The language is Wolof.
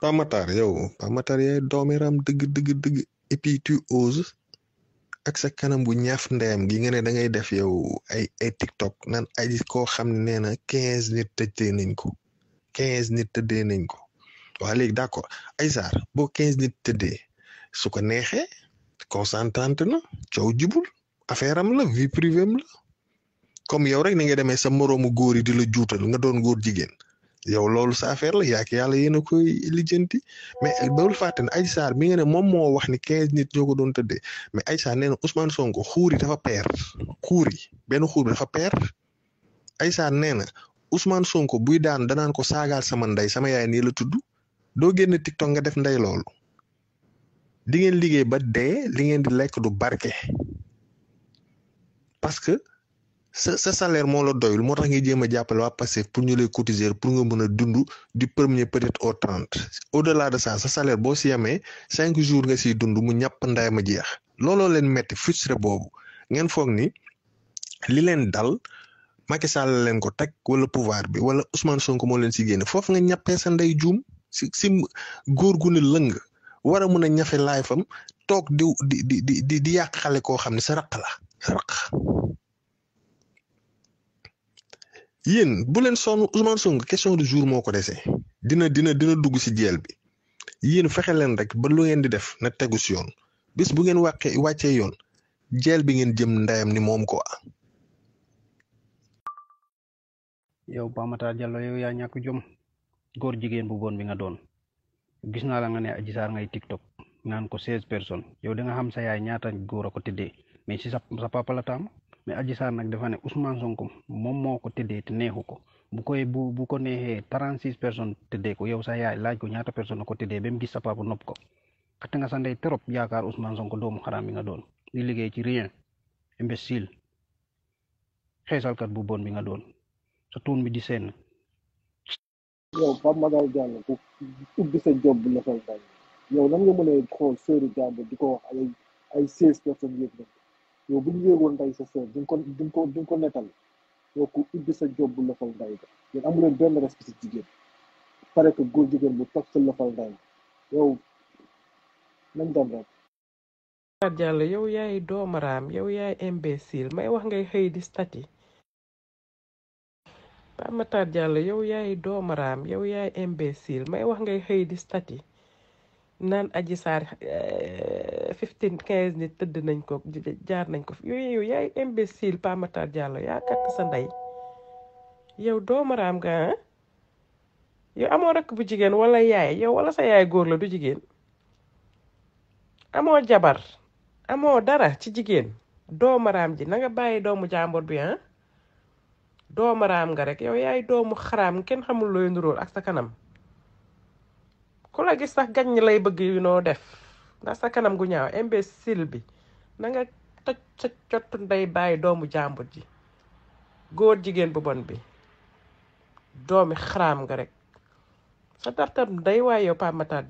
Pamatar yow Pamatar yaay doomeram dëgg dëgg dëgg et tu oses ak sa kanam bu ñaaf ndeyam gi nga ne da ngay def yow ay ay TikTok naan ay koo xam ne na quinze nit te nañ ko quinze nit tëddee nañ ko waa léegi d'accord ay saar bo quinze nit tëddee su ko neexee consentante na coow jubul affaire am la vie privée la comme yow rek ni nga demee sa moroomu góor yi di la juutal nga doon góor jigéen yow loolu sa affaire la yaa ngi yàlla yéen a koy lijjanti mais bawul fàtte ne Adji Sarr mi nga ne moom moo wax ni quinze nit ñoo ko doon tëddee mais Adji Sarr nee na Ousmane Sonko xuur yi dafa peer xuur yi benn xuur bi dafa peer Adji Sarr nee na Ousmane Sonko buy daan danaan ko saagaal sama ndey sama yaay nii la tudd doo génn TikTok nga def nday loolu di ngeen liggéey ba dee li di lekk du barke parce que. sa sa salaire mo la doyul mo tax ngay jema jappel wa waa pour ñu lay cotiser pour nga mëna dundu du premier peut être au 30 au delà de ça sa salaire bo si yame 5 jours nga ci dundu mu ñap nday ma jeex lolo leen metti frustré bobu ngeen fogg ni li leen dal Macky Sall leen ko tek wala pouvoir bi wala Ousmane Sonko mo leen ci genn fofu nga ñappee sa nday joom ci si góor gu ne leung wara mëna ñafé life am tok fam di di di di di yàq xale koo sa raq la raq yin bu len sonn Ousmane Sonko question du jour moko dina dina dina dugg si djel bi yin fexe len rek ba lu ngén di def na ci yoon bis bu ngén wàqee waccé yoon djel bi ngén djem ndayam ni mom ko yow Pamata djallo yow ya ñak jom gor jigen bu bon bi nga don gis na la nga né ngay tiktok nan ko person. personnes yow da nga xam sa yaay ñaata gor ko tiddé mais ci sa papa la tam mais Adji Sarr nag dafa ne Sonko moom moo ko tëddee te neexu ko bu koy bu bu ko neexee trente six personnes tëddee ko yow sa yaay laaj ko ñaata personne ko tëddee ba mu gis sa papa nopp ko xat nga sa ndey trop yaakaar Ousmane Sonko doomu xaraam bi nga doon di liggéey ci rien imbécile xeesalkat bu bon bi nga doon sa tuun bi di seen. yow Pape Magal Diallo ku a yow bu ñu yéegoon sa sœur duñ ko duñ ko duñ yow ku ubbi sa job bu nday ga yéen amuleen benn respect jigéen pare que góor jigéen bu toog sa lëfal nday yow nañ doomaraam yow yaay imbécile may wax ngay xëy di stati Pape Matar Diallo yow yaay doomaraam yow yaay imbécile wax ngay xëy fifteen quinze nit tëdd nañ ko jaar nañ ko fi yooyu yow yaay imbécile Pa Matar yaa katt sa ndey yow doomaraam nga ah yow amoo rakk bu jigéen wala yaay yow wala sa yaay góor la du jigéen amoo jabar amoo dara ci jigéen doomaraam ji na bàyyi doomu jàmbur bi ah doomaraam nga rek yow yaay doomu xaraam kenn xamul looy nuróol ak sa kanam ku la gis sax gañ lay bëgg yu noo def ndax sa kanam gu ñaaw imbécile bi na nga toj sa cottu ndey bàyyi doomu jàmbur ji góor jigéen bu bon bi doomi xaraam nga rekk sa tartam ndey waaye yow Pape Matar